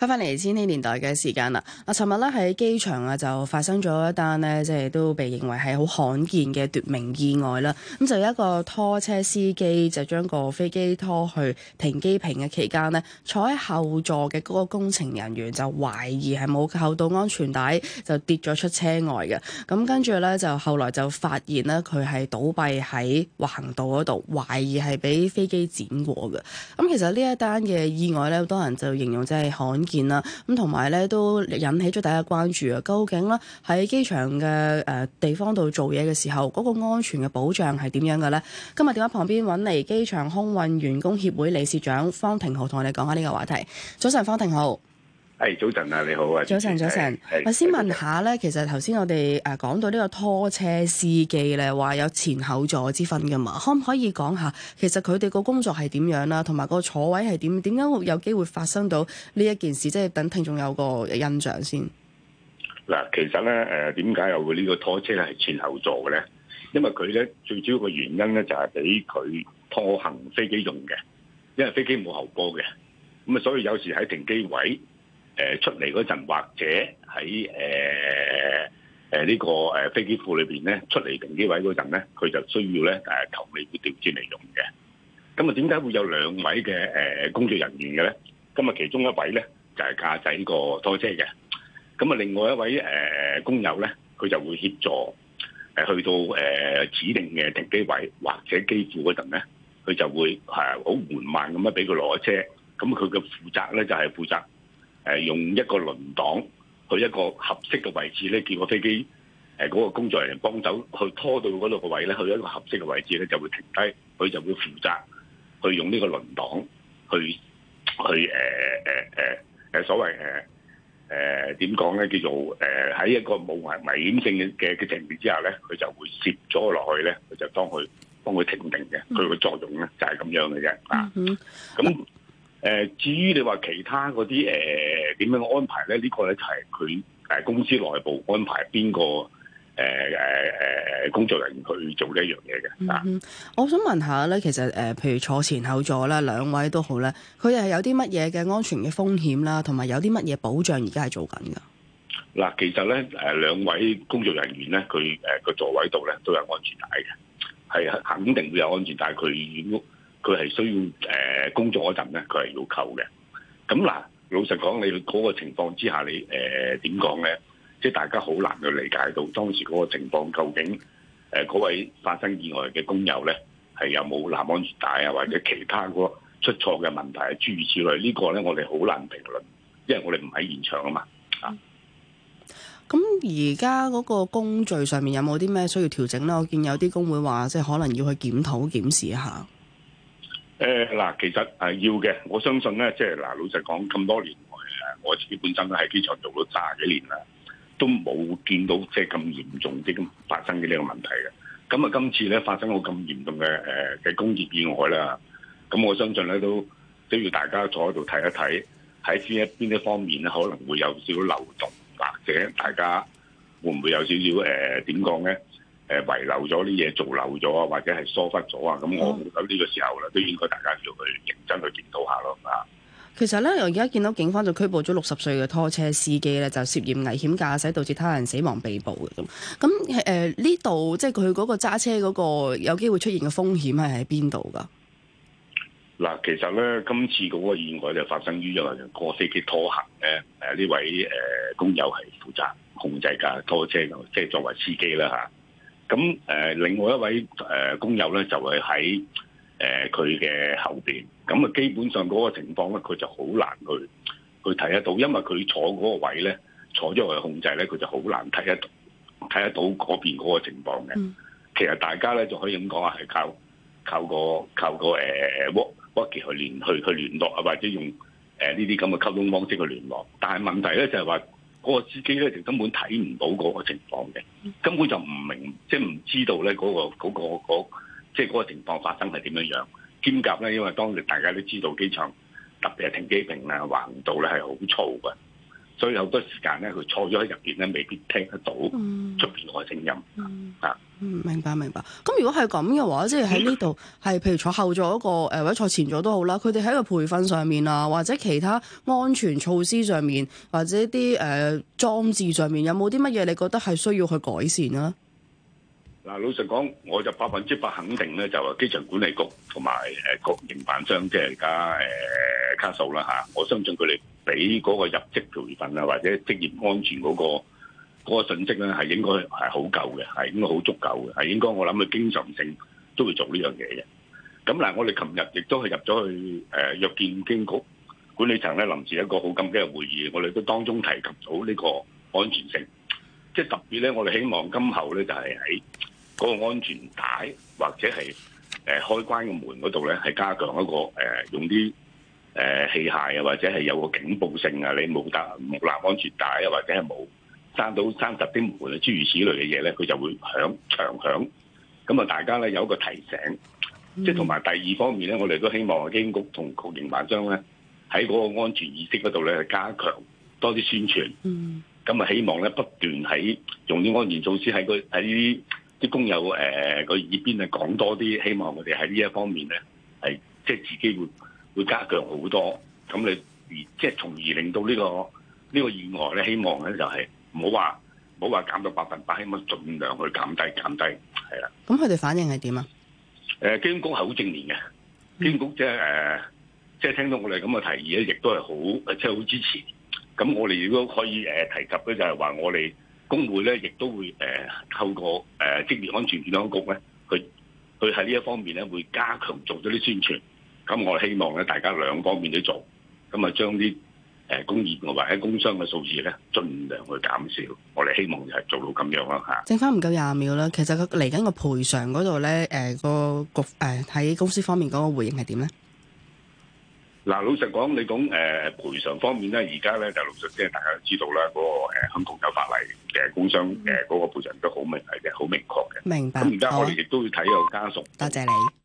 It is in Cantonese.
翻返嚟千禧年代嘅時間啦。啊，尋日咧喺機場啊，就發生咗一單呢，即係都被認為係好罕見嘅奪命意外啦。咁就有一個拖車司機就將個飛機拖去停機坪嘅期間呢，坐喺後座嘅嗰個工程人員就懷疑係冇扣到安全帶，就跌咗出車外嘅。咁跟住呢，就後來就發現呢，佢係倒斃喺橫道嗰度，懷疑係俾飛機剪過嘅。咁其實呢一單嘅意外呢，好多人就形容即係罕。咁同埋咧都引起咗大家關注啊。究竟啦喺機場嘅誒地方度做嘢嘅時候，嗰個安全嘅保障係點樣嘅呢？今日電話旁邊揾嚟機場空運員工協會理事長方廷浩同我哋講下呢個話題。早晨，方廷浩。誒、hey,，早晨啊，你好啊！早晨，早晨。我、hey, hey, hey, hey. 先問下咧，其實頭先我哋誒講到呢個拖車司機咧，話有前後座之分噶嘛？可唔可以講下，其實佢哋個工作係點樣啦，同埋個坐位係點？點解會有機會發生到呢一件事？即係等聽眾有個印象先。嗱，其實咧，誒，點解又會呢個拖車係前後座嘅咧？因為佢咧最主要嘅原因咧，就係俾佢拖行飛機用嘅，因為飛機冇後波嘅，咁啊，所以有時喺停機位。誒出嚟嗰陣，或者喺誒誒呢個誒飛機庫裏邊咧出嚟停機位嗰陣咧，佢就需要咧誒求你調轉嚟用嘅。咁啊，點解會有兩位嘅誒、呃、工作人員嘅咧？咁啊，其中一位咧就係駕駛個拖車嘅。咁啊，另外一位誒、呃、工友咧，佢就會協助誒、呃、去到誒、呃、指定嘅停機位或者機庫嗰陣咧，佢就會係好緩慢咁樣俾佢攞車。咁佢嘅負責咧就係、是、負責。誒，用一個輪擋去一個合適嘅位置咧，叫個飛機誒，嗰個工作人員幫手去拖到嗰度個位咧，去一個合適嘅位置咧，就會停低，佢就會負責去用這個輪檔去去、呃呃呃、呢個輪擋去去誒誒誒誒所謂誒誒點講咧，叫做誒喺、呃、一個冇危危險性嘅嘅情形之下咧，佢就會攝咗落去咧，佢就當佢幫佢停定嘅，佢、嗯、個作用咧就係咁樣嘅啫啊，咁、嗯。誒、呃，至於你話其他嗰啲誒點樣安排咧？呢、這個咧就係佢誒公司內部安排邊個誒誒誒工作人員去做呢一樣嘢嘅。啊、嗯，我想問一下咧，其實誒，譬、呃、如坐前後座啦，兩位都好咧，佢係有啲乜嘢嘅安全嘅風險啦，同埋有啲乜嘢保障而家係做緊㗎？嗱，其實咧誒，兩位工作人員咧，佢誒個座位度咧都有安全帶嘅，係肯定會有安全帶。佢如果佢係需要誒。呃工作嗰陣咧，佢係要扣嘅。咁嗱，老實講，你嗰個情況之下，你誒點講咧？即係大家好難去理解到當時嗰個情況究竟誒嗰位發生意外嘅工友咧，係有冇扣安全帶啊，或者其他嗰出錯嘅問題諸如此類？這個、呢個咧，我哋好難評論，因為我哋唔喺現場啊嘛。啊，咁而家嗰個工序上面有冇啲咩需要調整咧？我見有啲工會話，即係可能要去檢討檢視一下。誒嗱，其實係要嘅，我相信咧，即係嗱，老實講，咁多年來我自己本身咧喺機場做咗卅幾年啦，都冇見到即係咁嚴重啲咁發生嘅呢個問題嘅。咁啊，今次咧發生咗咁嚴重嘅誒嘅工業意外啦，咁我相信咧都需要大家坐喺度睇一睇，喺邊一邊一方面咧可能會有少少漏洞，或者大家會唔會有少少誒點講咧？呃誒，遺留咗啲嘢，做漏咗啊，或者係疏忽咗啊，咁、嗯、我咁呢個時候咧，都應該大家要去認真去檢討下咯。吓，其實咧，我而家見到警方就拘捕咗六十歲嘅拖車司機咧，就涉嫌危險駕駛導致他人死亡被捕嘅咁。咁誒，呢、呃、度即係佢嗰個揸車嗰個有機會出現嘅風險係喺邊度㗎？嗱，其實咧，今次嗰個意外就發生於因為個司機拖行。誒誒呢位誒工、呃、友係負責控制架拖車即係、就是、作為司機啦吓。啊咁誒，另外一位誒工友咧，就係喺誒佢嘅後邊。咁啊，基本上嗰個情況咧，佢就好難去去睇得到，因為佢坐嗰個位咧，坐咗喺控制咧，佢就好難睇得到睇得到嗰邊嗰個情況嘅。其實大家咧就可以咁講啊，係靠靠個靠個誒 walkie walkie 嘅去聯去去聯絡啊，或者用誒呢啲咁嘅溝通方式去聯絡。但係問題咧就係話，嗰、嗰個司機咧就根本睇唔到嗰個情況嘅，根本就唔明，即係唔知道咧、嗰、嗰個、嗰個嗰個嗰個、即係嗰個情況發生係點樣樣。兼夾咧，因為當時大家都知道機場特別係停機坪啊、橫道咧係好嘈嘅。所以好多時間咧，佢坐咗喺入邊咧，未必聽得到出邊外面的聲音啊、嗯嗯！明白明白。咁如果係咁嘅話，即係喺呢度係，譬如坐後座嗰、那個或者坐前座都好啦。佢哋喺個培訓上面啊，或者其他安全措施上面，或者啲誒、呃、裝置上面，有冇啲乜嘢？你覺得係需要去改善啊？嗱，老實講，我就百分之百肯定咧，就話機場管理局同埋誒各營辦商，即係而家誒卡數啦嚇。我相信佢哋。俾嗰個入職培訓啊，或者職業安全嗰個嗰個信息咧，係應該係好夠嘅，係應該好足夠嘅，係應該我諗佢經常性都會做呢樣嘢嘅。咁嗱，我哋琴日亦都係入咗去誒約見機管局管理層咧，臨時一個好緊急嘅會議，我哋都當中提及到呢個安全性，即係特別咧，我哋希望今後咧就係喺嗰個安全帶或者係誒開關嘅門嗰度咧，係加強一個誒用啲。誒、啊、器械啊，或者係有個警報性啊，你冇搭冇攬安全帶啊，或者係冇閂到閂實啲門啊，諸如此類嘅嘢咧，佢就會響長響。咁啊，大家咧有一個提醒，即係同埋第二方面咧，我哋都希望啊，經局同局營辦商咧喺嗰個安全意識嗰度咧加強多啲宣傳。咁、嗯、啊，希望咧不斷喺用啲安全措施喺個喺啲啲工友誒個耳邊啊講多啲，希望我哋喺呢一方面咧係即係自己會。會加強好多，咁你而即係從而令到呢、這個呢、這個意外咧，希望咧就係唔好話唔好話減到百分百，希望盡量去減低減低係啦。咁佢哋反應係點啊？誒、呃，機管局係好正面嘅，機管局即係誒，即係、就是呃就是、聽到我哋咁嘅提議咧，亦都係好即係好支持。咁我哋如果可以誒提及咧，就係話我哋工會咧，亦都會誒、呃、透過誒職、呃、業安全健康局咧，去去喺呢一方面咧，會加強做咗啲宣傳。咁我希望咧，大家兩方面都做，咁啊將啲誒工業或者工傷嘅數字咧，盡量去減少。我哋希望就係做到咁樣啦吓。剩翻唔夠廿秒啦，其實個嚟緊個賠償嗰度咧，誒、呃、個局誒喺、呃、公司方面嗰個回應係點咧？嗱，老實講，你講誒、呃、賠償方面咧，而家咧就老實即係大家都知道啦，嗰、那個誒香港有法例嘅工傷誒嗰、嗯呃那個賠償都好明係嘅，好明確嘅。明白。咁而家我哋亦都要睇下家屬。多謝你。